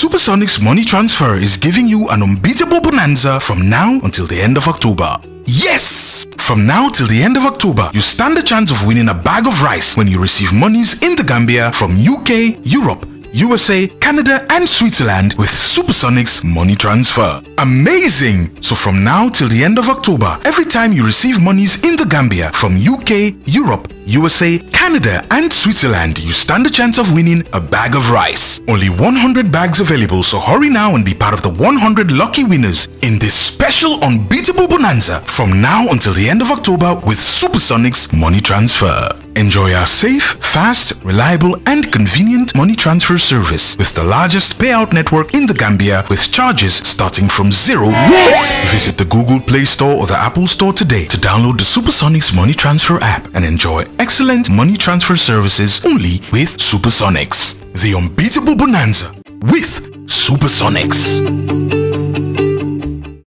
Supersonic's money transfer is giving you an unbeatable bonanza from now until the end of October. Yes! From now till the end of October, you stand a chance of winning a bag of rice when you receive monies in the Gambia from UK, Europe, USA, Canada and Switzerland with Supersonic's money transfer. Amazing! So from now till the end of October, every time you receive monies in the Gambia from UK, Europe, USA, Canada and Switzerland, you stand a chance of winning a bag of rice. Only 100 bags available, so hurry now and be part of the 100 lucky winners in this special unbeatable bonanza from now until the end of October with Supersonic's money transfer. Enjoy our safe, fast, reliable and convenient money transfer service with the largest payout network in the Gambia with charges starting from zero. Yes! Visit the Google Play Store or the Apple Store today to download the Supersonics Money Transfer app and enjoy excellent money transfer services only with Supersonics. The unbeatable bonanza with Supersonics.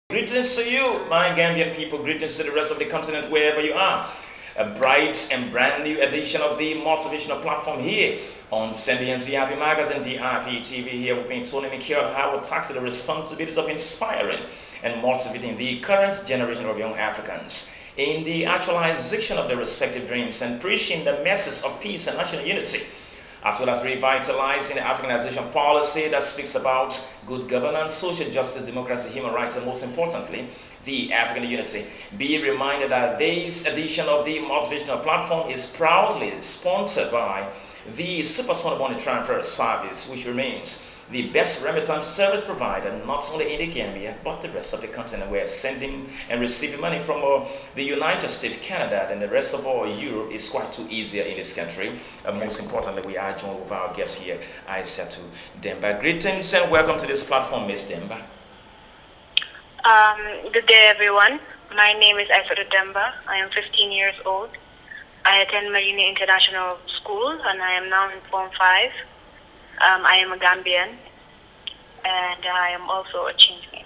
Greetings to you, my Gambian people. Greetings to the rest of the continent, wherever you are a bright and brand new edition of the motivational platform here on Symbians VIP Magazine, VIP TV. Here we've been Tony McKeon, how we tackle the responsibilities of inspiring and motivating the current generation of young Africans in the actualization of their respective dreams and preaching the message of peace and national unity as well as revitalizing the Africanization policy that speaks about good governance, social justice, democracy, human rights, and most importantly, the African Unity. Be reminded that this edition of the Motivational Platform is proudly sponsored by the Super Sonic Money Transfer Service, which remains the best remittance service provider not only in the Gambia but the rest of the continent. We're sending and receiving money from uh, the United States, Canada, and the rest of all Europe is quite too easier in this country. Uh, most importantly, we are joined with our guest here, Aisha Demba. Greetings and welcome to this platform, Ms. Demba. Um, good day, everyone. My name is Aisha Demba. I am 15 years old. I attend Marina International School, and I am now in Form 5. Um, I am a Gambian, and I am also a change maker.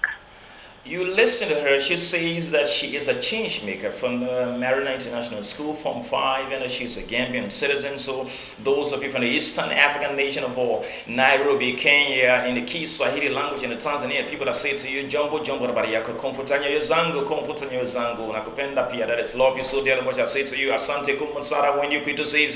You listen to her, she says that she is a change maker from the Marina International School, from 5, and she's a Gambian citizen. So those of you from the Eastern African nation of all, Nairobi, Kenya, in the key Swahili language in the Tanzania, people that say to you, Jumbo, Jumbo, habari yako, komfutanyo zangu, komfutanyo zangu, nakupenda pia, that is love you so dearly much. I say to you, asante kumansara when you quit to say,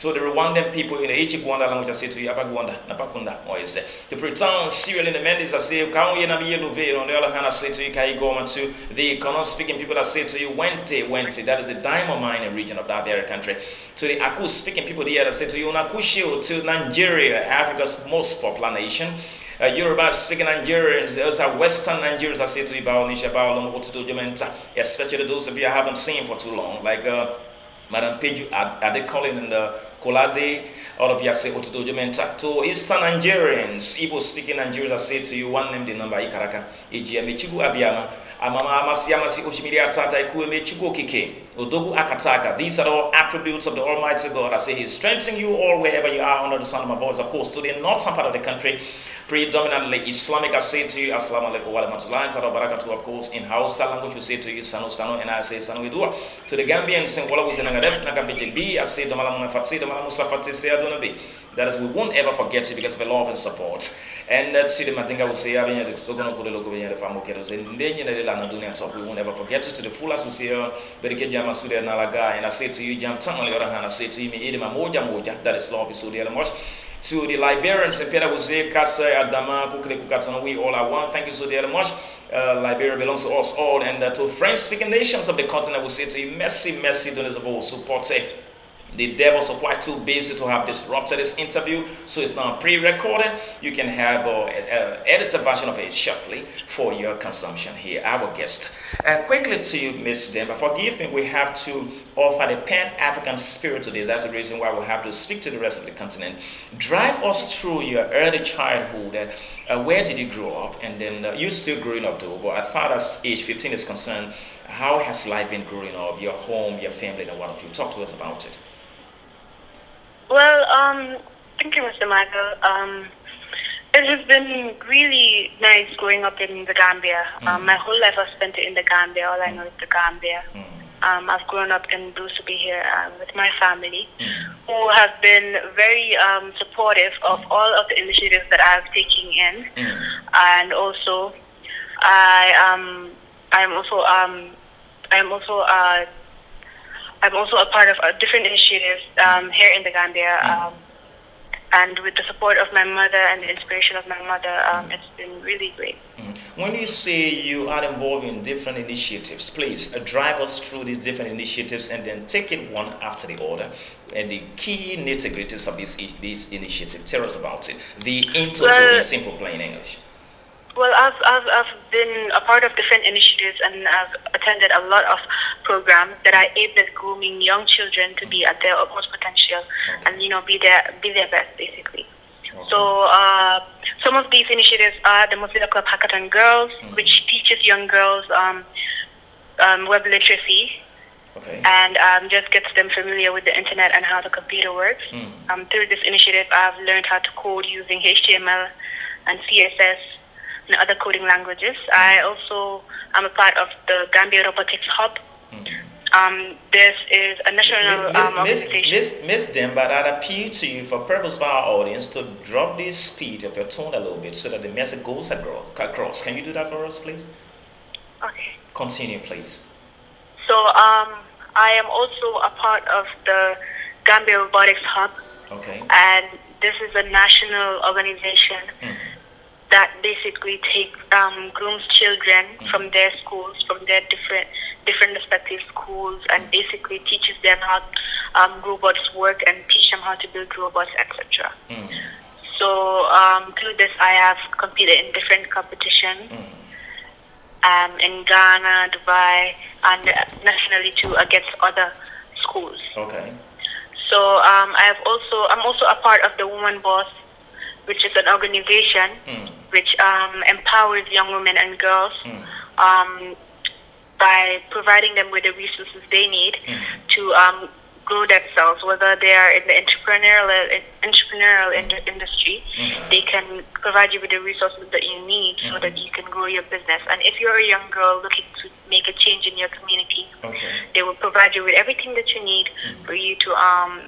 so the Rwandan people in the Ichigwanda language I say to you, Abagwanda, Napakunda, Moise. The Britons, Syrian, and the Mendes, I say, Kaoye Nabi Yeluve, on the other hand, I say to you, Kaigoma, to the Konon speaking people, I say to you, Wente, Wente, that is the diamond mining region of that very country. To the Aku speaking people here, I say to you, Nakushio, to Nigeria, Africa's most popular nation. Uh, Yoruba speaking Nigerians, those are Western Nigerians, I say to you, Baonisha, Baolong, Otudojumenta, especially those of you I haven't seen for too long, like uh, Madam Peju calling and the Kolade, all of you are say Otudojo Mentakto, Eastern Nigerians, Igbo speaking Nigerians, I say to you one name, the number Ikaraka, Ejiame Chugu Abiyama, Amama Amasi Amasi Oshimiri Atata, Ikueme Chugu Okike, Odogu Akataka. These are all attributes of the Almighty God. I say He is strengthening you all wherever you are under the sound of my voice. Of course, to the northern part of the country, predominantly Islamic, I say to you, Assalamu alaikum wa rahmatullahi wa barakatuh, of course, in Hausa language, we say to you, Sanu Sanu, and I say Sanu Idua. To the Gambian, singola we say Nangadef, Nakapitik B, I say Domala Munafati, Domala Musafati, say Aduna B. That is, we won't ever forget you because of the love and support. And that city, I think I will say, I've ah, been the Togono Kule Loko, Benya, the Famokedos, and then you know, the Lana top, we won't ever forget you to the fullest, we say, oh, Berike Jama Sudia Nalaga, and I say to you, Jam Tam, on the other hand, I say to you, Idima Moja Moja, that is love, is Sudia Mosh to the Liberians, Peter Jose, Kasa, Adama, Kukle, Kukatan, we all are one. Thank you so very much. Uh, Liberia belongs to us all. And uh, to French speaking nations of the continent, we say to you, mercy, mercy, donors of all, support. Eh? The devil supply too busy to have disrupted this interview, so it's now pre-recorded. You can have uh, an uh, edited version of it shortly for your consumption here, our guest. Uh, quickly to you, Miss Denver, forgive me, we have to offer the Pan-African spirit to this. That's the reason why we have to speak to the rest of the continent. Drive us through your early childhood. Uh, uh where did you grow up? And then uh, you're still growing up though, but as far as age 15 is concerned, how has life been growing up, your home, your family, and what have you? Talk to us about it. Well, um, thank you, Mr. Michael. Um, it has been really nice growing up in the Gambia. Um, mm. Um, my whole life I've spent it in the Gambia. All I know is the Gambia. Mm. Um, I've grown up and blessed to be here uh, with my family, mm. who have been very um, supportive of mm. all of the initiatives that I've taken in, mm. and also I am um, I'm also um, I'm also uh, I'm also a part of a different initiative um, here in the Gambia. Mm. Um, and with the support of my mother and the inspiration of my mother, um, mm. it's been really great. Mm. When you say you are involved in different initiatives, please uh, drive us through these different initiatives and then take it one after the other. And the key nitty gritties of this, this initiative, tell us about it. The in total, well, in simple plain English. Well, I've, I've, I've been a part of different initiatives and I've attended a lot of programs that are aimed at grooming young children to be at their utmost potential and you know be their be their best basically. So uh, some of these initiatives are the Mozilla Club Hackathon Girls, mm-hmm. which teaches young girls um, um, web literacy okay. and um, just gets them familiar with the internet and how the computer works. mm through this initiative, I've learned how to code using HTML and CSS and other coding languages. Hmm. I also am a part of the Gambia Robotics Hub, um, this is a national Miss, um, organization. Miss, Miss, Denver, I'd appeal to you for purpose of our audience to drop the speed of your tone a little bit so that the message goes across. Can you do that for us, please? Okay. Continue, please. So um, I am also a part of the Gambia Robotics Hub. Okay. And this is a national organization. Mm -hmm that basically take um, grooms children mm-hmm. from their schools, from their different different respective schools, and mm-hmm. basically teaches them how um, robots work and teach them how to build robots, etc. Mm-hmm. So um, through this, I have competed in different competitions mm-hmm. um, in Ghana, Dubai, and nationally too against other schools. Okay. So um, I have also I'm also a part of the Woman Boss which is an organization mm. which um, empowers young women and girls mm. um, by providing them with the resources they need mm. to um, grow themselves. Whether they are in the entrepreneurial entrepreneurial in- hmm. industry, hmm. they can provide you with the resources that you need so hmm. that you can grow your business. And if you're a young girl looking to make a change in your community, okay. they will provide you with everything that you need for you to um,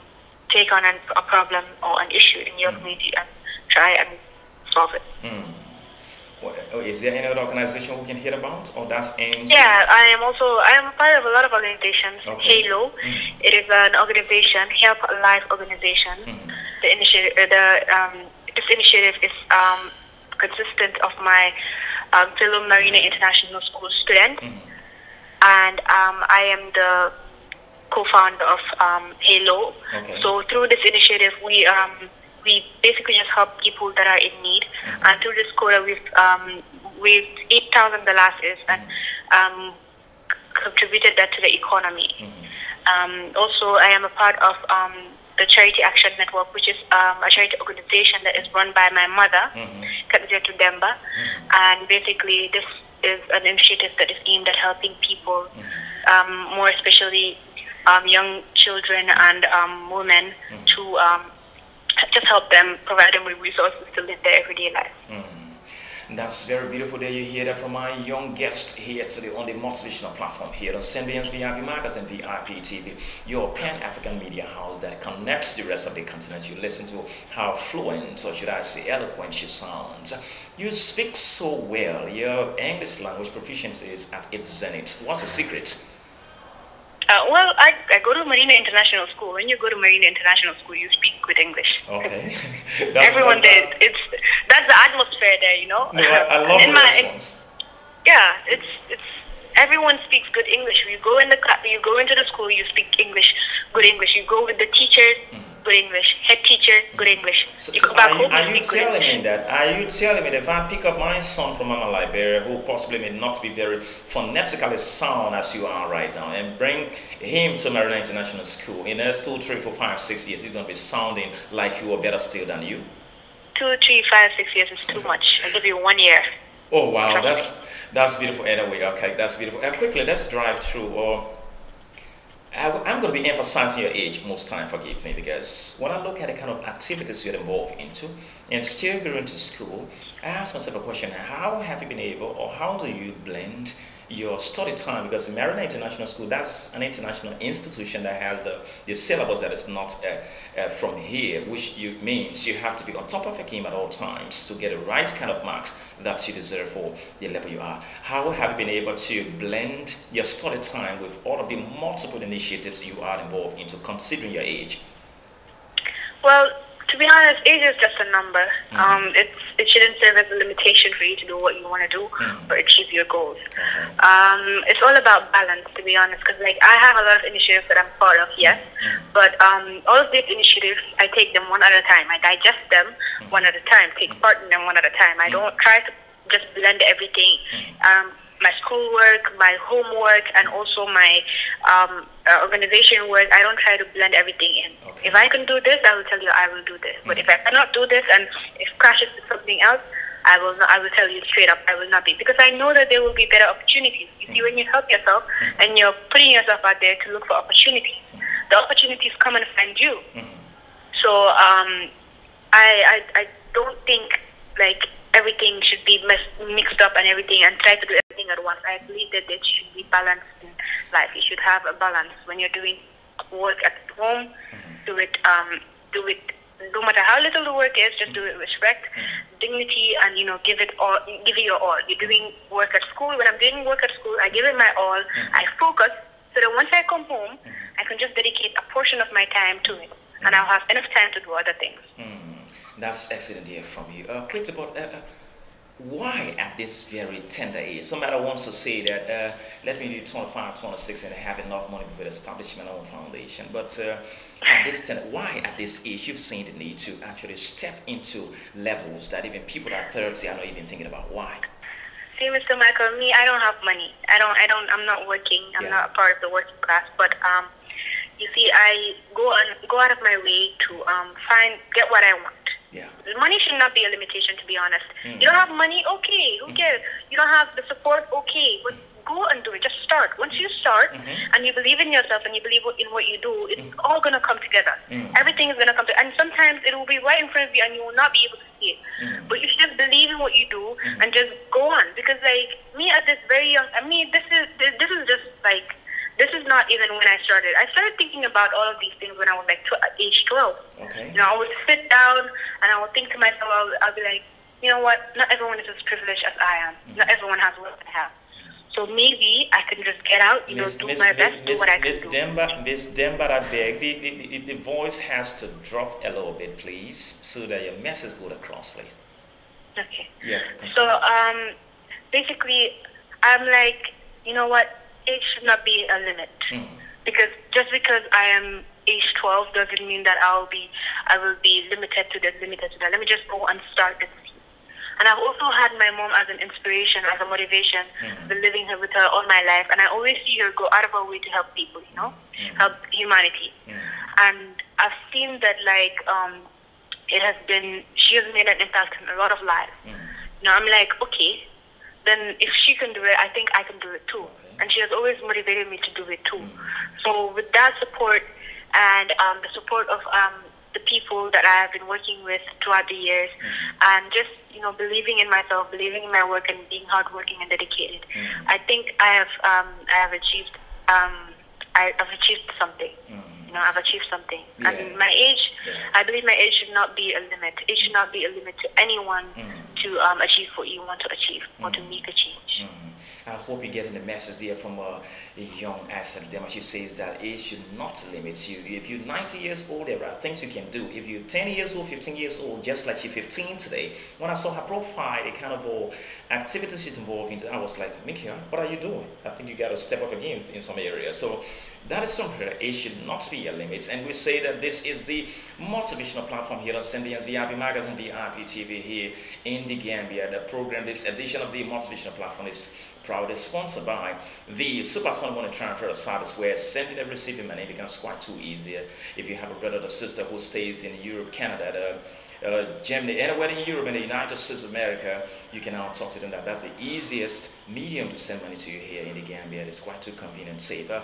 take on an, a problem or an issue in your community and try and solve it. Mm. Well, oh, is there any other organization we can hear about, or that's AIMS? Yeah, I am also I am part of a lot of organizations. Okay. Halo, mm. it is an organization, Help life organization. Mm. The initiative, uh, the um, this initiative is um, consistent of my um, fellow Marina hmm. International School student, hmm. and um, I am the co-founder of um, Halo. Okay. So through this initiative, we um, we basically just help people that are in need. Mm-hmm. And through this quota, we've um, we've 8,000 dollars and mm-hmm. um, contributed that to the economy. Mm-hmm. Um, also, I am a part of um, the Charity Action Network, which is um, a charity organization that is run by my mother, mm-hmm. And basically, this is an initiative that is aimed at helping people, um, more especially young children and women, to just help them, provide them with resources to live their everyday life. Mm. That's very beautiful that you hear that from my young guest here today on the motivational platform here on Symbians VIP Magazine, VIP TV, your pan-African media house that connects the rest of the continent. You listen to how fluent, or should I say eloquent, she sounds. You speak so well. Your English language proficiency is at its zenith. What's the secret? Uh, well, I, I go to Marina International School. When you go to Marina International School, you speak good English. Okay. that's, Everyone that's did. It's that's the atmosphere there, you know. No, I, I love in my, Yeah, it's it's everyone speaks good English. You go in the you go into the school, you speak English, good English. You go with the teachers. Mm good English. Head teacher, good English. So, so are, you, are you telling English. me that? Are you telling me that if I pick up my son from Mama Liberia, who possibly may not be very phonetically sound as you are right now, and bring him to Maryland International School in the next two, three, four, five, six years, he's going to be sounding like you or better still than you? Two, three, five, six years is too much. I'll give you one year. Oh, wow. that's, that's beautiful. Anyway, okay, that's beautiful. And quickly, let's drive through or I, am going to be emphasizing your age most time, forgive me, because when I look at the kind of activities you're involved into and still going to school, I ask myself a question, how have you been able or how do you blend your study time because Marina Maryland International School, that's an international institution that has the, the syllabus that is not uh, uh, from here, which you, means you have to be on top of your game at all times to get the right kind of marks that you deserve for the level you are. How have you been able to blend your study time with all of the multiple initiatives you are involved into considering your age? Well, to be honest, age is just a number. Mm. Um, it's, it shouldn't serve as a limitation for you to do what you want to do mm. or achieve your goals. Mm-hmm. Um, it's all about balance, to be honest, because like I have a lot of initiatives that I'm part of, yes, mm. but um, all of these initiatives, I take them one at a time. I digest them mm-hmm. one at a time, take part in them one at a time. I mm-hmm. don't try to just blend everything. Um, my schoolwork, my homework, and also my um, uh, organization work. I don't try to blend everything in. Okay. If I can do this, I will tell you I will do this. Mm-hmm. But if I hmm. cannot do this and it crashes to something else, I will not. I will tell you straight up, I will not be because I know that there will be better opportunities. You mm-hmm. see, when you help yourself mm-hmm. and you're putting yourself out there to look for opportunities, hmm. the opportunities come and find you. Hmm. So um, I, I I don't think like everything should be mixed up and everything and try to do everything at once. I believe that it should be balanced in life. You should have a balance when you're doing work at home. Mm-hmm. Do it, um, do it, no matter how little the work is, just do it with respect, mm-hmm. dignity, and you know, give it all, give it your all. You're doing work at school. When I'm doing work at school, I give it my all. Mm-hmm. I focus so that once I come home, I can just dedicate a portion of my time to it, and I'll have enough time to do other things. That's excellent to hear from you. Uh, uh, uh, why at this very tender age? Somebody wants to say that, uh, let me do 25, 26 and have enough money for the establishment of a foundation. But uh, at this tender, why at this age you've seen the need to actually step into levels that even people at 30 are not even thinking about? Why? See, Mr. Michael, me, I don't have money. I don't, I don't, I'm not working. I'm yeah. not part of the working class. But, um, you see, I go on, go out of my way to um, find, get what I want. Yeah. Money should not be a limitation, to be honest. Mm. You don't have money, okay, who mm. cares? You don't have the support, okay. But mm. go and do it. Just start. Once you start mm-hmm. and you believe in yourself and you believe in what you do, it's mm. all going to come together. Mm. Everything is going to come together. And sometimes it will be right in front of you and you will not be able to see it. Mm. But you should just believe in what you do and just go on. Because, like, me at this very young, I mean, this is, this is just like, this is not even when I started. I started thinking about all of these things when I was like tw- uh, age 12. Okay. You know, I would sit down and I would think to myself, I'll, I'll be like, you know what? Not everyone is as privileged as I am. Mm-hmm. Not everyone has what I have. So maybe I can just get out, you Ms. know, do Ms. my best, Ms. do what I Ms. can Demba, do. Miss Demba, I beg, the, the, the, the voice has to drop a little bit, please, so that your message goes across, please. Okay. Yeah. Continue. So um, basically, I'm like, you know what? it should not be a limit mm. because just because I am age 12 doesn't mean that I'll be I will be limited to this, limited to that. Let me just go and start and see. And I've also had my mom as an inspiration, as a motivation. Mm. Been living her with her all my life, and I always see her go out of her way to help people. You know, mm. help humanity. Mm. And I've seen that like um, it has been she has made an impact on a lot of lives. Hmm. Now I'm like, okay, then if she can do it, I think I can do it too. And she has always motivated me to do it too. So with that support and um, the support of um, the people that I have been working with throughout the years, mm. and just you know believing in myself, believing in my work, and being hardworking and dedicated, mm. I think I have um, I have achieved um, I have achieved something. Mm. You know, I've achieved something. Yeah. And my age, yeah. I believe my age should not be a limit. It should not be a limit to anyone mm to um, achieve what you want to achieve or mm to hmm. make a change. Hmm. I hope you're getting the message there from a, a young asset. Dema. She says that age should not limit you. If you're 90 years old, there are things you can do. If you're 10 years old, 15 years old, just like you're 15 today, when I saw her profile, the kind of uh, activities she's involved in, I was like, Mikia, what are you doing? I think you got to step up again in some areas. So that is from her. It should not be a limit. And we say that this is the motivational platform here on Sendians VIP Magazine, VIP TV here in the Gambia. The program, this edition of the motivational platform is proudly sponsored by the Super Smart Money Transfer service where sending and receiving money becomes quite too easy. If you have a brother or sister who stays in Europe, Canada, the, uh, Germany, anywhere in Europe and the United States of America, you can now talk to them. That that's the easiest medium to send money to you here in the Gambia. It's quite too convenient, safer,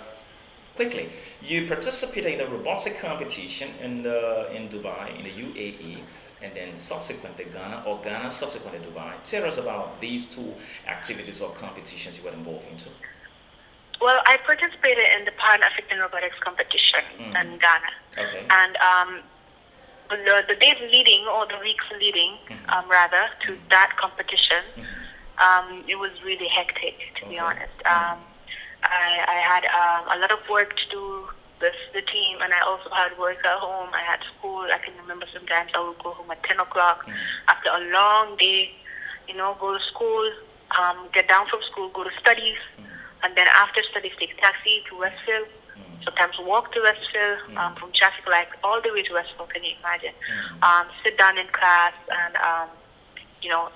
quickly. You participated in a robotic competition in, the, in Dubai, in the UAE, and then subsequently Ghana or Ghana subsequently Dubai. Tell us about these two activities or competitions you were involved into. Well, I participated in the Pan African Robotics Competition mm. in Ghana. Okay. And um, the, the days leading, or the weeks leading, mm. um, rather, to mm. that competition, mm-hmm. um, it was really hectic, to okay. be honest. Um, I, I had um, a lot of work to do with the team, and I also had work at home. I had school. I can remember sometimes I would go home at 10 o'clock mm. after a long day, you know, go to school, um, get down from school, go to studies, mm. and then after studies, take taxi to Westfield. Mm. Sometimes walk to Westville mm. um, from traffic like all the way to Westfield. Can you imagine? Mm. Um, sit down in class, and um, you know,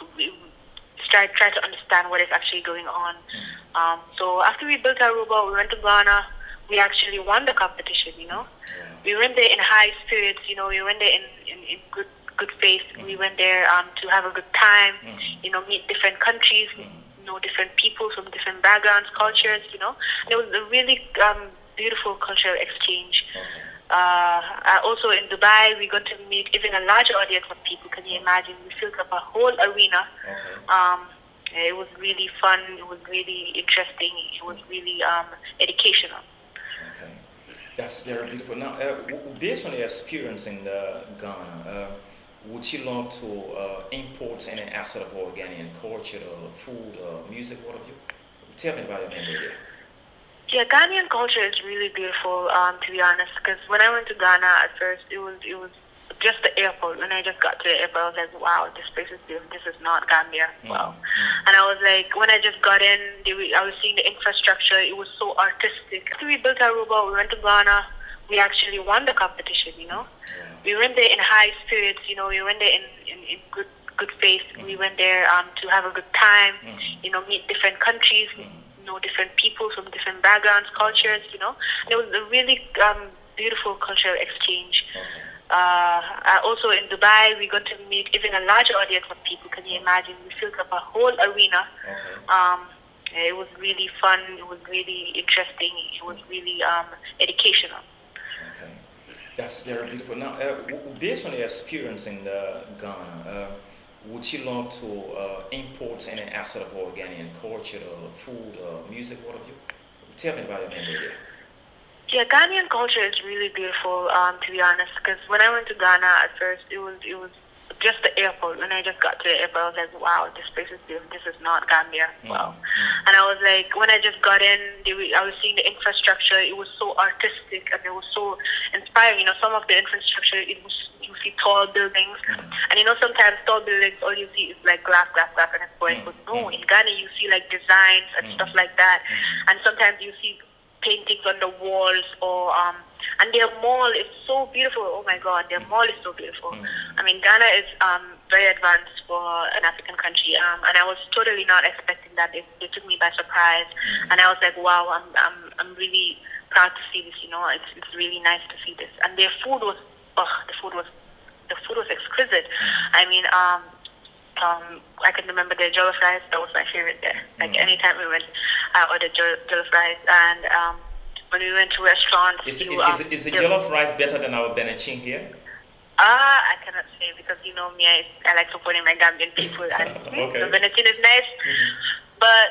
try try to understand what is actually going on. Hmm. Um, so after we built our robot, we went to Ghana. We actually won the competition. You know, yeah. we went there in high spirits. You know, we went there in, in, in good good faith. Mm. We went there um, to have a good time. Mm. You know, meet different countries. Hmm. know, different people from different backgrounds, cultures. You know, and it was a really um, beautiful cultural exchange. Okay. Uh, uh, also in Dubai, we got to meet even a larger audience of people. Can you imagine? We filled up a whole arena. Um, it was really fun. It was really interesting. It was really um, educational. Okay, that's very beautiful. Now, uh, based on your experience in uh, Ghana, uh, would you love to uh, import any aspect of Ghanaian culture, or food, or music? What of you? Tell me about your memory there. Yeah, Ghanaian culture is really beautiful. Um, to be honest, because when I went to Ghana at first, it was it was just the airport. When I just got to the airport, I was like, wow, this place is beautiful. This is not Gambia. Mm, wow. Mm-hmm. And I was like, when I just got in, they, I was seeing the infrastructure. It was so artistic. After we built Aruba, we went to Ghana. We actually won the competition. You know, yeah. we went there in high spirits. You know, we went there in in, in good good faith. Mm-hmm. We mm. went there um, to have a good time. Mm-hmm. You know, meet different countries. Mm-hmm know different people from different backgrounds, cultures, you know. And it was a really um, beautiful cultural exchange. Uh, uh, also in Dubai, we got to meet even a larger audience of people. Can you imagine? We filled up a whole arena. Um, it was really fun. It was really interesting. It was really um, educational. Okay, that's very beautiful. Now, uh, based on your experience in uh, Ghana. Uh, would you love to uh, import any aspect of Ghanaian culture, or uh, food, or uh, music, what have you? Tell me about your memory there. Yeah, Ghanaian culture is really beautiful. Um, to be honest, because when I went to Ghana at first, it was it was just the airport. When I just got to the airport, I was like, wow, this place is beautiful. This is not Gambia. Mm, wow. Mm-hmm. And I was like, when I just got in, they, I was seeing the infrastructure. It was so artistic and it was so inspiring. You know, some of the infrastructure, it was you see tall buildings, mm-hmm. and you know sometimes tall buildings all you see is like glass, glass, glass, and it's boring. Mm, but no, mm. in Ghana you see like designs and stuff like that, and sometimes you see paintings on the walls or um, and their mall is so beautiful. Oh my God, their mall is so beautiful. Mm. I mean, Ghana is um, very advanced for an African country, um, and I was totally not expecting that. It, it took me by surprise, mm. and I was like, wow, I'm, I'm, I'm really proud to see this. You know, it's, it's really nice to see this. And their food was, oh, the food was, the food was exquisite. Mm. I mean, um, um, I can remember their jollof rice. That was my favorite there. Hmm. Like mm. anytime we went, I ordered jollof rice and. Um, when we went to restaurants. Is, to, is, is, um, is, is jollof rice better than our benachin here? Ah, uh, I cannot say because you know me, I, I like supporting my Gambian people. And, okay. The benachin is nice, mm-hmm. but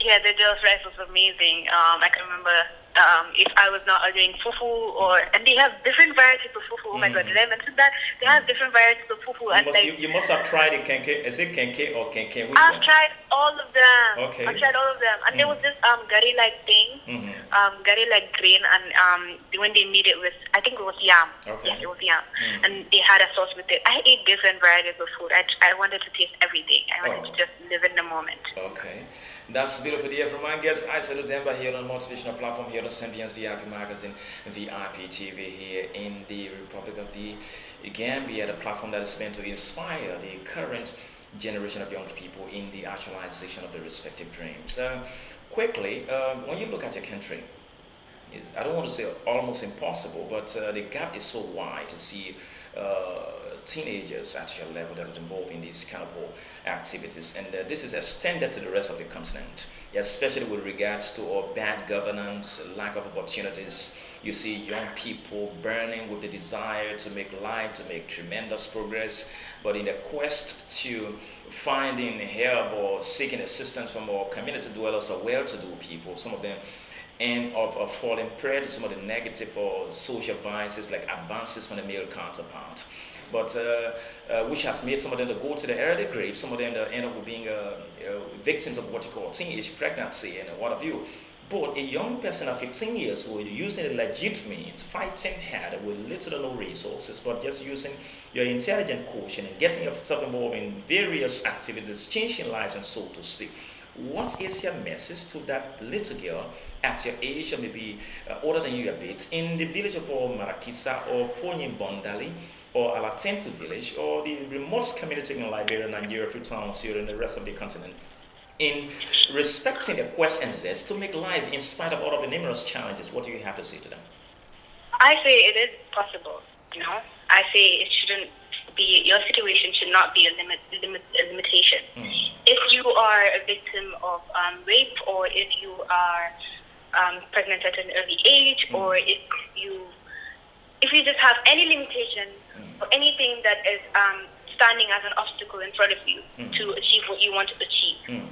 yeah, the jollof rice was amazing. Um, I can remember um, if I was not ordering fufu or and they have different varieties of fufu. Oh my god, mm. did I mention that? They have different varieties of fufu. You, and must, like, you, you must have tried in kenke. Is it kenke or kenke? Which I've one? tried all of them. Okay. I've tried all of them, and mm. there was this um gari like thing, mm-hmm. um gari like grain, and um when they made it with I think it was yam. Okay. it was yam, mm. and they had a sauce with it. I ate different varieties of food. I I wanted to taste everything. I wanted oh. to just live in the moment. Okay. That's beautiful dear from my guest. I salute Demba here on motivational platform here on Sambians VIP magazine, VIP TV here in the Republic of the Gambia, the platform that is meant to inspire the current generation of young people in the actualization of their respective dreams. So, uh, quickly, uh, when you look at your country, I don't want to say almost impossible, but uh, the gap is so wide to see uh, teenagers at your level that are involved in these kind of activities. And uh, this is extended to the rest of the continent, especially with regards to our bad governance, lack of opportunities. You see young people burning with the desire to make life, to make tremendous progress, but in the quest to finding help or seeking assistance from our community dwellers or well-to-do people, some of them end up uh, falling prey to some of the negative or social vices like advances from the male counterpart but uh, uh, which has made some of them to go to the early grave, some of them end up being uh, victims of what you call teenage pregnancy and what have you. But a young person of 15 years who is using a legitimate fighting head with little or no resources, but just using your intelligent coaching and getting yourself involved in various activities, changing lives and so to speak. What is your message to that little girl at your age or maybe uh, older than you a bit in the village of Marakisa or Fonyin Bondali or Ala Tintu village or the remote community in Liberia, Nigeria, Freetown, Syria, and the rest of the continent in respecting the quest and zest to make life in spite of all of the numerous challenges? What do you have to say to them? I say it is possible, you know. I say it shouldn't be, your situation should not be a, limit, limit a limitation. Mm. If you are a victim of um, rape or if you are um, pregnant at an early age mm. or if you, if you just have any limitation or anything that is um, standing as an obstacle in front of you mm. to achieve what you want to achieve. Mm.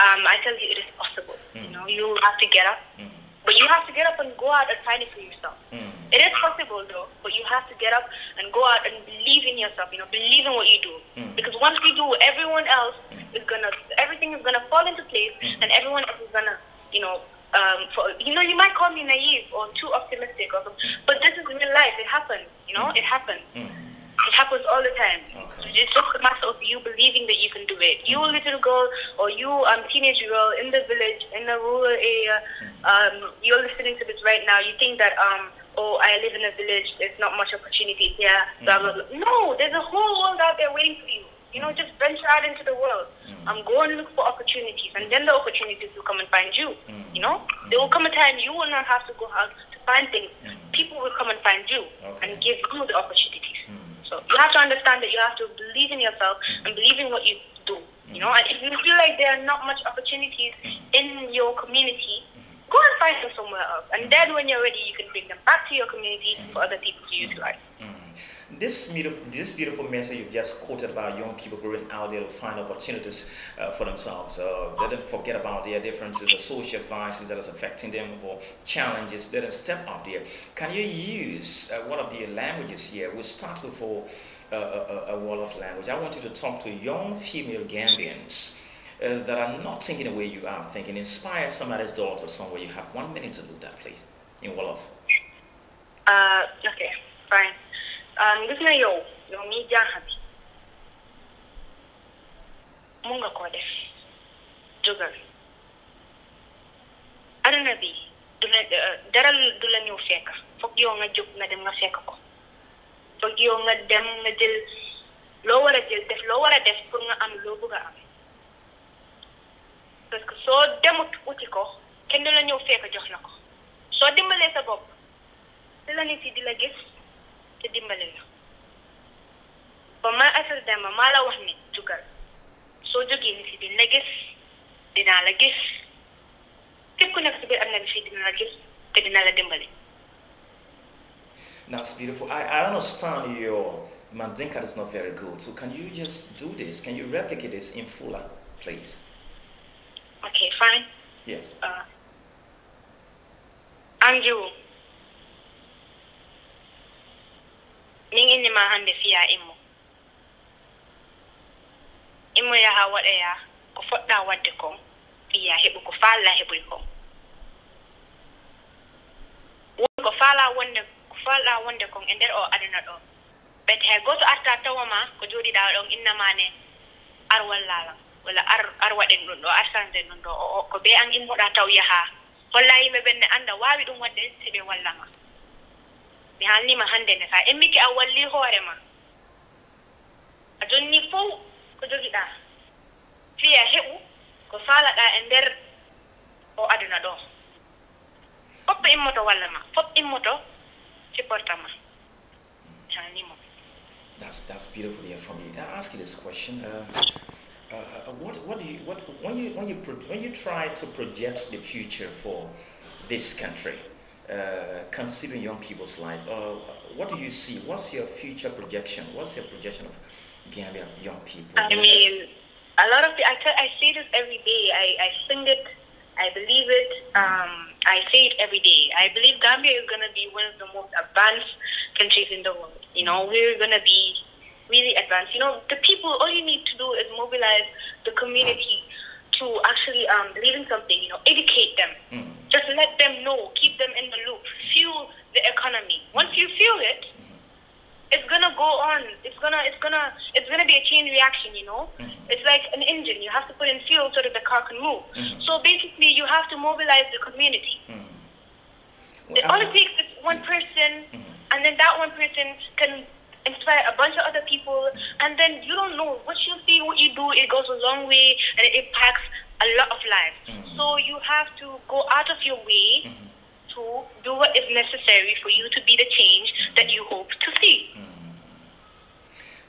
Um, I tell you, it is possible. Mm. You hmm. know, you have to get up, hmm. but you have to get up and go out and find it for yourself. Hmm. It is possible though, but you have to get up and go out and believe in yourself. You know, believe in what you do, because once you do, everyone else is gonna, everything is gonna fall into place, and everyone else is gonna, you know um, for, you know, you might call me naive or too optimistic, or but this is real life. It happens. You know, mm. it happens. Mm. It happens all the time. Okay. It's just a matter of you believing that you can do it. You, mm. little girl, or you, um, teenage girl in the village, in a rural area, mm. um, you're listening to this right now. You think that, um, oh, I live in a village. There's not much opportunity here. Blah blah blah. No, there's a whole world out there waiting for you. You know, just venture out into the world. Mm. Um, go and look for opportunities, and then the opportunities will come and find you. Mm. You know, there will come a time you will not have to go out to find things. Mm. People will come and find you okay. and give you the opportunities. Mm. So you have to understand that you have to believe in yourself mm. and believe in what you do. You know, and if you feel like there are not much opportunities in your community, go and find them somewhere else. And then when you're ready, you can bring them back to your community for other people to utilize. This beautiful, this beautiful message you've just quoted about young people growing out there to find opportunities uh, for themselves. Uh, let them forget about their differences, the social vices that is affecting them, or challenges. Let them step up there. Can you use uh, one of the languages here? We'll start with a, a, a wall of language. I want you to talk to young female Gambians. Uh, that are not thinking the way you are thinking. Inspire somebody's daughter somewhere. You have one minute to do that, please. In Wolof. Uh, okay, fine. Ah, gis eh, nga yow yow miy jaaxa bi mun nga koo def jógal aduna bi du la dara du la ñëw fekk foog yow nga jóg nga dem nga fekk ko foog yow nga dem nga jël loo war a jël def loo war a def pour nga am loo bëgg a am parce que soo demut uti ko kenn du la ñëw fekk jox la ko soo dimbalee sa bopp te la nit yi di la gis te dimbale la ba ma la wax ni jugal ni dina gis la gis biir am na dina la gis te dina la dimbale That's beautiful. I, I understand your Mandinka is not very good. So can you just do this? Can you replicate this in Fula, please? Okay, fine. Yes. Uh, Andrew. min innima hannde fiya immo immo yaha waɗaya ko fuɗɗa waɗde kon fiya heɓu ko faalla heɓuri kon ko faala wonde ko faalɗa wonde kon e nder o aduna ɗo ɓete hay gooto arta tawa ma ko jooɗiɗa ɗon innamane ar wallalam walla ar ar waɗen ɗum ɗo ar sanze ɗum ɗo o ko ɓe an immoɗa taw yaha holla yimɓe ɓenne annda waawi ɗum waɗde se ɓe wallama mi ma en ma ko o aduna immoto walla ma fop immoto ma That's, that's beautiful here for me. I ask you this question: uh, uh, uh, What, what do you, what, when you, when you, when you try to project the future for this country, uh, Conceiving young people's life, uh, what do you see? What's your future projection? What's your projection of Gambia young people? I mean, yes. a lot of, I, I say this every day. I, I sing it, I believe it, um, I say it every day. I believe Gambia is going to be one of the most advanced countries in the world. You know, we're going to be really advanced. You know, the people, all you need to do is mobilize the community to actually um, believe in something, you know, educate them. Mm. Just let them know, keep them in the loop, fuel the economy. Once you fuel it, it's gonna go on. It's gonna, it's gonna, it's gonna be a chain reaction. You know, mm-hmm. it's like an engine. You have to put in fuel so that the car can move. Mm-hmm. So basically, you have to mobilize the community. Mm-hmm. Well, it only takes one person, mm. and then that one person can inspire a bunch of other people, and then you don't know what you see, what you do, it goes a long way and it impacts a lot of lives. Mm-hmm. So you have to go out of your way mm-hmm. to do what is necessary for you to be the change that you hope to see. Mm-hmm.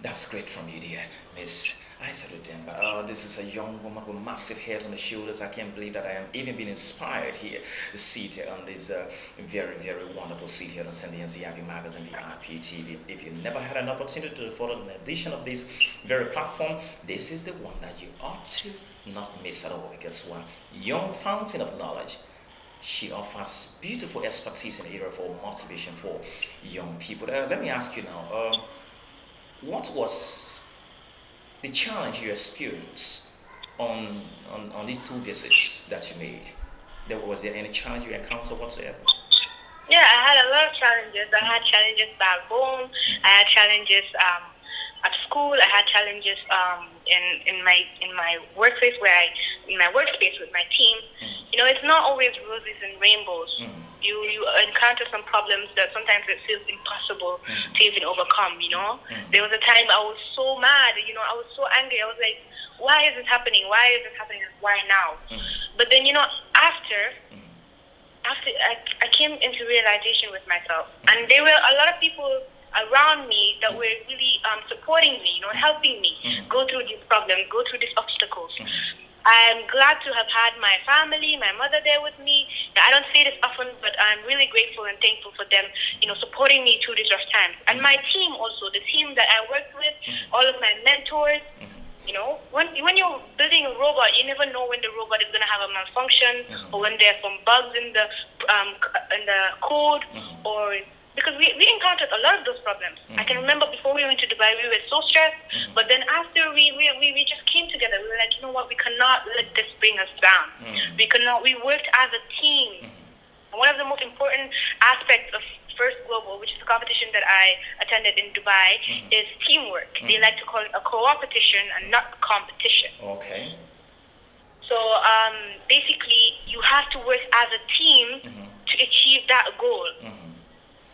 That's great from you, dear Miss. I said to them, oh, this is a young woman with massive head on the shoulders. I can't believe that I am even being inspired here, seated on this uh, very, very wonderful seat here on Sandian's VIP Magazine, VIP TV. If you never had an opportunity to follow an edition of this very platform, this is the one that you ought to not miss at all because one young fountain of knowledge she offers beautiful expertise in the area for motivation for young people. Uh, let me ask you now, uh, what was the challenge you experienced on, on, on these two visits that you made? There, was there any challenge you encountered whatsoever? Yeah, I had a lot of challenges. I had challenges back home. I had challenges um, at school. I had challenges um, in, in my in my workplace where I in my workspace with my team. Mm. You know, it's not always roses and rainbows. Mm you, you encounter some problems that sometimes it feels impossible mm. to even overcome, you know? Mm. There was a time I was so mad, you know, I was so angry. I was like, why is this happening? Why is this happening? Why now? Mm. But then, you know, after, mm. after I, I came into realization with myself. Mm. And there were a lot of people around me that were really um, supporting me, you know, helping me mm. go through these problems, go through these obstacles. I'm glad to have had my family, my mother there with me. I don't say this often, but I'm really grateful and thankful for them, you know, supporting me through these rough times. And my team also, the team that I worked with, all of my mentors. Mm-hmm. You know, when when you're building a robot, you never know when the robot is gonna have a malfunction, mm-hmm. or when there's some bugs in the um, in the code, mm-hmm. or because we, we encountered a lot of those problems. Mm-hmm. I can mm-hmm. remember before we went to Dubai, we were so stressed, mm-hmm. but then after we, we, we, we, just came together, we were like, you know what, we cannot let this bring us down. Mm-hmm. We cannot, we worked as a team. Mm-hmm. One of the most important aspects of First Global, which is the competition that I attended in Dubai, mm-hmm. is teamwork. They like to call it a co-opetition and not competition. Okay. So um, basically, you have to work as a team to achieve that goal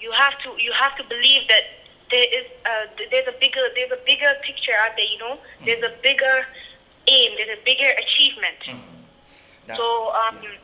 you have to you have to believe that there is uh, there's a bigger there's a bigger picture out there. You know, mm-hmm. there's a bigger aim, there's a bigger achievement. Mm-hmm. so um, yeah.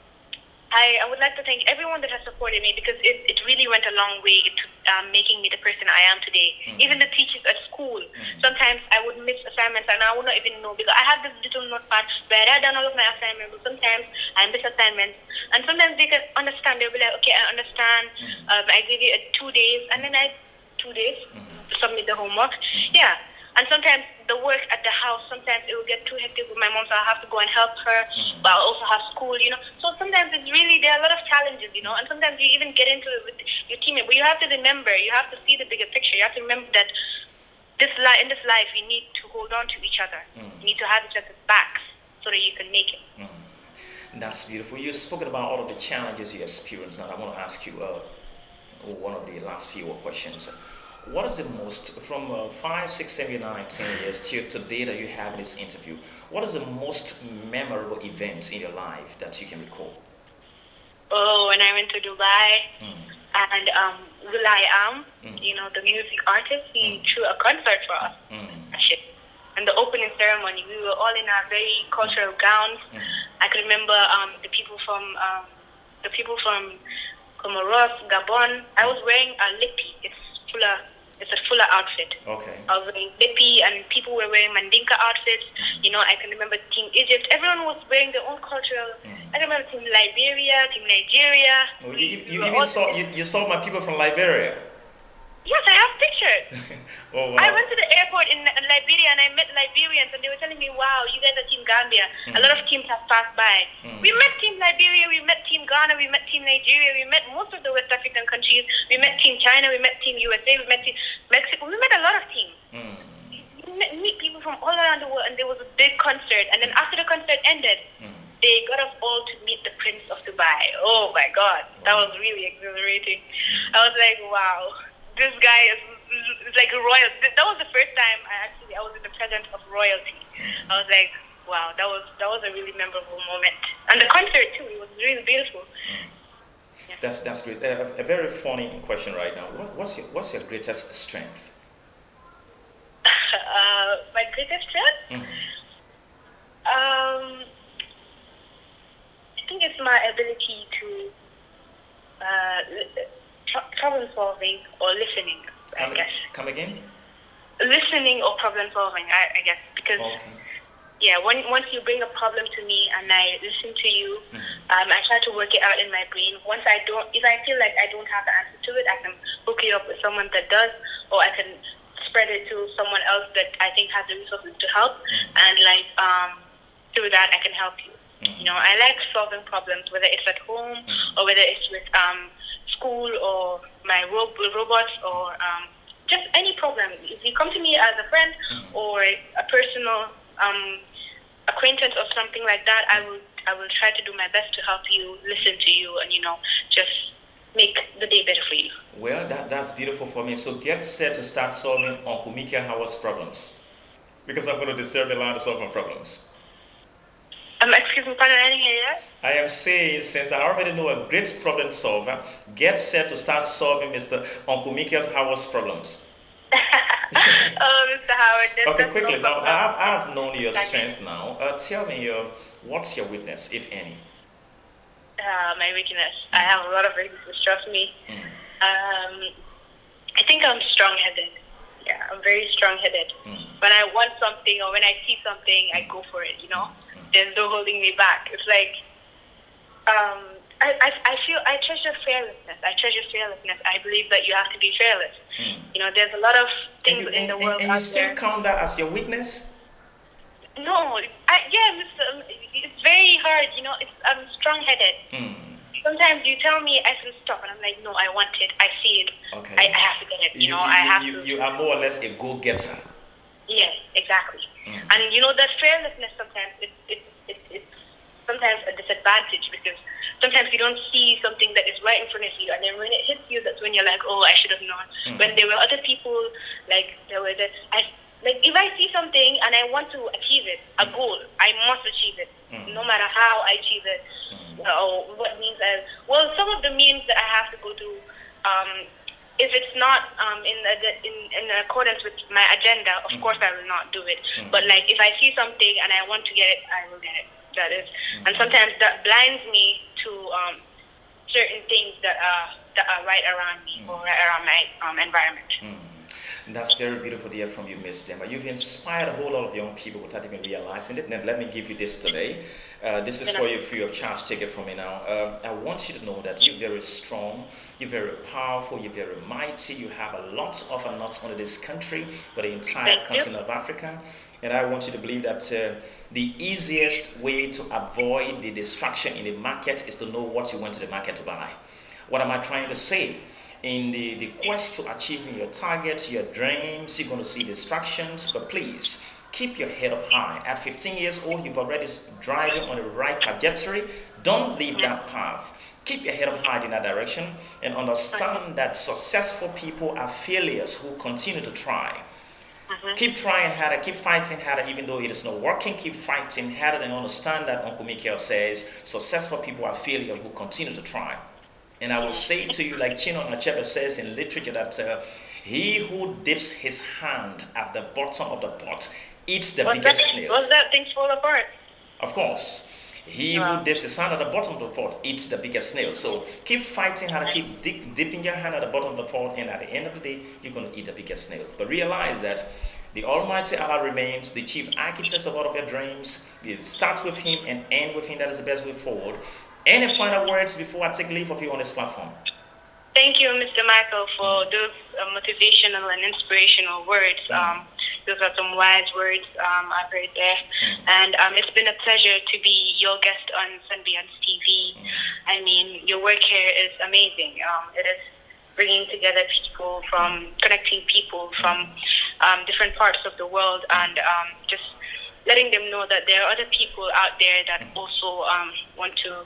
I, I would like to thank everyone that has supported me because it, it really went a long way to um, making me the person I am today. Mm-hmm. Even the teachers at school, mm-hmm. sometimes I would miss assignments and I would not even know because I have this little notepad where I done all of my assignments. But sometimes I miss assignments, and sometimes they can understand. They'll be like, "Okay, I understand. Mm-hmm. Um, I give you a two days, and then I two days to mm. submit the homework." Mm. Yeah and sometimes the work at the house, sometimes it will get too hectic with my mom, so I have to go and help her. Mm-hmm. But I also have school, you know. So sometimes it's really there are a lot of challenges, you know. And sometimes you even get into it with your teammate, but you have to remember, you have to see the bigger picture. You have to remember that this life, in this life, you need to hold on to each other. Mm-hmm. You need to have each other's backs so that you can make it. Mm-hmm. That's beautiful. You've spoken about all of the challenges you experienced, Now I want to ask you uh, one of the last few questions what is the most, from uh, 10 years till today that you have in this interview, what is the most memorable event in your life that you can recall? Oh, when I went to Dubai mm. and um, Will I Am, mm. you know, the music artist, he mm. threw a concert for us. Mm. And the opening ceremony, we were all in our very cultural mm. gowns. Mm. I can remember um, the people from um, the people from Comoros, Gabon. I was wearing a lippy. It's full of it's a fuller outfit. Okay. I was wearing Lippi and people were wearing Mandinka outfits. Mm-hmm. You know, I can remember Team Egypt. Everyone was wearing their own cultural. Mm-hmm. I can remember Team Liberia, Team Nigeria. Well, you, you, even saw, you, you saw my people from Liberia. Yes, I have pictures. oh, wow. I went to the airport in Liberia and I met Liberians and they were telling me, wow, you guys are Team Gambia. Mm. A hmm. lot of teams have passed by. Mm. We met Team Liberia, we met Team Ghana, we met Team Nigeria, we met most of the West African countries. We met Team China, we met Team USA, we met Team Mexico. We met a lot of teams. Mm. We met, meet people from all around the world and there was a big concert. And then hmm. after the concert ended, hmm. they got us all to meet the Prince of Dubai. Oh my God, that was really exhilarating. I was like, wow this guy is, like like royal. That was the first time I actually I was in the presence of royalty. I was like, wow, that was that was a really memorable moment. And the concert too, it was really beautiful. Yeah. Mm. That's that's great. Uh, a very funny question right now. What, what's your what's your greatest strength? uh, my greatest strength. Mm. Um, I think it's my ability to. Uh, problem solving or listening, come I guess. Come again? Listening or problem solving, I, I guess, because. Okay. Yeah, when, once you bring a problem to me and I listen to you, mm-hmm. um, I try to work it out in my brain. Once I don't, if I feel like I don't have the answer to it, I can hook you up with someone that does, or I can spread it to someone else that I think has the resources to help, mm-hmm. and like um, through that I can help you. Mm-hmm. You know, I like solving problems, whether it's at home mm-hmm. or whether it's with um, school or my ro- robot or um, just any problem. If you come to me as a friend mm or a personal um, acquaintance or something like that, I will I will try to do my best to help you, listen to you, and you know just make the day better for you. Well, that, that's beautiful for me. So get set to start solving Uncle Mika Howard's problems because I'm going to deserve a lot of solving problems. Um, excuse me, pardon, I didn't hear you. I am saying, since I already know a great problem solver, get set to start solving Mr. Uncle Michael Howard's problems. oh, Mr. Howard. okay, quickly. now, I've, I've known your strength now. Uh, tell me, your, uh, what's your weakness, if any? Uh, my weakness. I have a lot of weaknesses, trust me. Mm. Um, I think I'm strong headed. Yeah, I'm very strong headed. Mm. When I want something or when I see something, mm. I hmm. go for it, you know? there's no holding me back. It's like, um, I, I, I feel I treasure fearlessness. I treasure fearlessness. I believe that you have to be fearless. Mm. You know, there's a lot of things you, in and, the world. And, and you still there. count that as your weakness? No, I, yeah, it's, um, it's very hard. You know, it's, I'm strong-headed. Mm. Sometimes you tell me I should stop, and I'm like, no, I want it. I see it. Okay. I, I have to get it. You, you know, you, I have you, to. You are more or less a go-getter. Yes, exactly. Mm. And you know that fearlessness sometimes it, it, it, it's sometimes a disadvantage because sometimes you don't see something that is right in front of you, and then when it hits you, that's when you're like, oh, I should have known. Mm. When there were other people, like there were the, I, like if I see something and I want to achieve it, a mm. goal, I must achieve it, mm. no matter how I achieve it mm. or what means. I, well, some of the means that I have to go to. Um, if it's not um, in, in in accordance with my agenda, of mm. course I will not do it. Mm. But like if I see something and I want to get it, I will get it. That is, mm. and sometimes that blinds me to um, certain things that are that are right around me mm. or right around my um, environment. Mm. That's very beautiful to hear from you, Miss Demba. You've inspired a whole lot of young people without even realizing it. And let me give you this today. Uh, this is for you free of charge. Take it from me now. Uh, I want you to know that you're very strong you're very powerful, you're very mighty, you have a lot of, and not only this country, but the entire Thank continent you. of Africa. And I want you to believe that uh, the easiest way to avoid the distraction in the market is to know what you went to the market to buy. What am I trying to say? In the, the quest to achieving your target, your dreams, you're going to see distractions, but please keep your head up high. At 15 years old, you've already driving on the right trajectory don't leave that path. Keep your head up high in that direction and understand that successful people are failures who continue to try. Mm-hmm. Keep trying harder, keep fighting harder, even though it is not working. Keep fighting harder and understand that Uncle Michael says successful people are failures who continue to try. And I will say to you, like Chino Achebe says in literature, that uh, he who dips his hand at the bottom of the pot eats the was biggest that, snail. Was that things fall apart? Of course. He who dips his hand at the bottom of the pot eats the biggest snail. So keep fighting and keep dip, dipping your hand at the bottom of the pot, and at the end of the day, you're going to eat the biggest snails. But realize that the Almighty Allah remains the chief architect of all of your dreams. You start with Him and end with Him. That is the best way forward. Any final words before I take leave of you on this platform? Thank you, Mr. Michael, for those uh, motivational and inspirational words. Mm. Um, those are some wise words um, I've heard there. Mm. And um, it's been a pleasure to be your guest on Sunbeams TV. Mm. I mean, your work here is amazing. Um, it is bringing together people from connecting people from mm. um, different parts of the world and um, just letting them know that there are other people out there that mm. also um, want to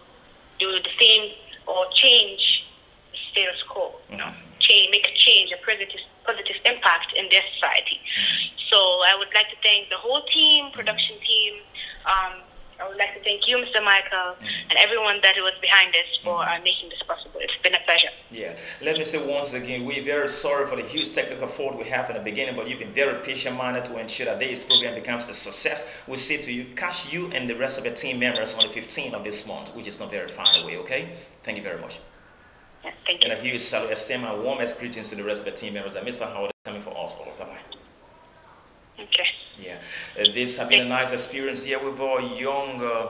do the same or change the status quo. You know, mm. change, make a change, a positive positive impact in their society. So I would like to thank the whole team, production team. Um, I would like to thank you, Mr. Michael, mm. and everyone that was behind us for mm. uh, making this possible. It's been a pleasure. Yeah, let me say once again, we're very sorry for the huge technical fault we have in the beginning, but you've been very patient-minded to ensure that this program becomes a success. We say to you, catch you and the rest of the team members on the 15th of this month, which is not very far away, okay? Thank you very much. Yeah, thank you. And a huge salute, extend my warmest greetings to the rest of the team members. I miss Howard is coming for us all. Bye bye. Okay. Yeah, uh, this has been a nice experience here with our young. Uh,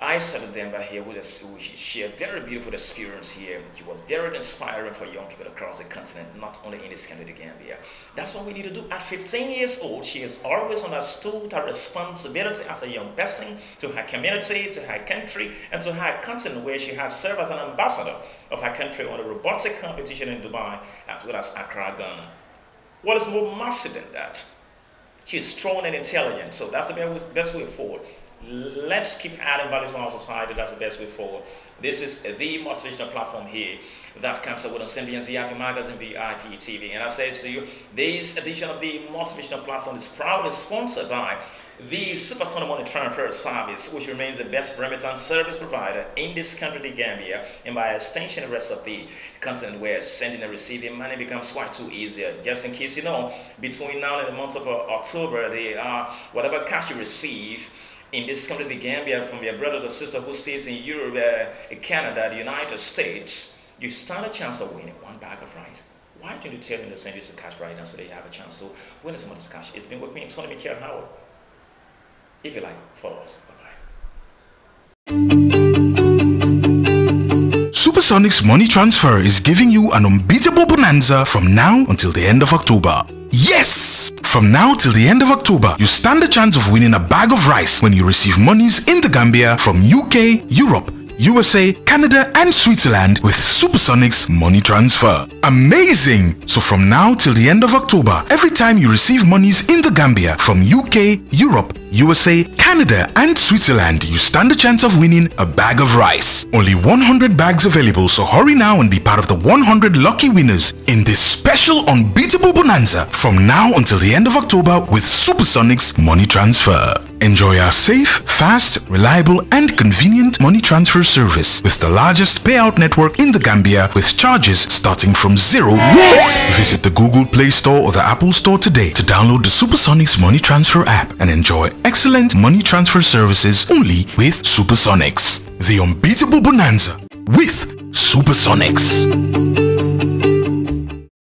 I settled Denver here with us, who a very beautiful experience here. She was very inspiring for young people across the continent, not only in this country, the Gambia. That's what we need to do. At 15 years old, she has always understood her responsibility as a young person to her community, to her country, and to her continent, where she has served as an ambassador of our country on a robotic competition in Dubai, as well as Accra, Ghana. What is more massive than that? She is strong and intelligent, so that's the best way forward. Let's keep adding value to our society, that's the best way forward. This is the motivational platform here that comes up with Symbion's VIP Magazine, VIP TV. And I say to you, this edition of the motivational platform is proudly sponsored by the Supersonic Money Transfer Service, which remains the best remittance service provider in this country, the Gambia, and by extension, the rest of the continent where sending and receiving money becomes quite too easier. Just in case you know, between now and the month of uh, October, the, uh, whatever cash you receive, in this country, the Gambia, from your brother or sister who stays in Europe, uh, Canada, the United States, you stand a chance of winning one bag of rice. Why don't you tell them to send you some cash right now so they have a chance to win some of this cash? It's been with me, Tony Michael Howard. If you like, follow us. Bye-bye. Supersonic's money transfer is giving you an unbeatable bonanza from now until the end of October. Yes! From now till the end of October, you stand a chance of winning a bag of rice when you receive monies in the Gambia from UK, Europe, USA, Canada and Switzerland with Supersonics money transfer. Amazing! So from now till the end of October, every time you receive monies in the Gambia from UK, Europe, USA, Canada and Switzerland, you stand a chance of winning a bag of rice. Only 100 bags available so hurry now and be part of the 100 lucky winners in this special unbeatable bonanza from now until the end of October with Supersonics money transfer. Enjoy our safe, fast, reliable and convenient money transfer service with the largest payout network in the Gambia with charges starting from zero. Yes! Visit the Google Play Store or the Apple Store today to download the Supersonics Money Transfer app and enjoy excellent money transfer services only with Supersonics. The unbeatable bonanza with Supersonics.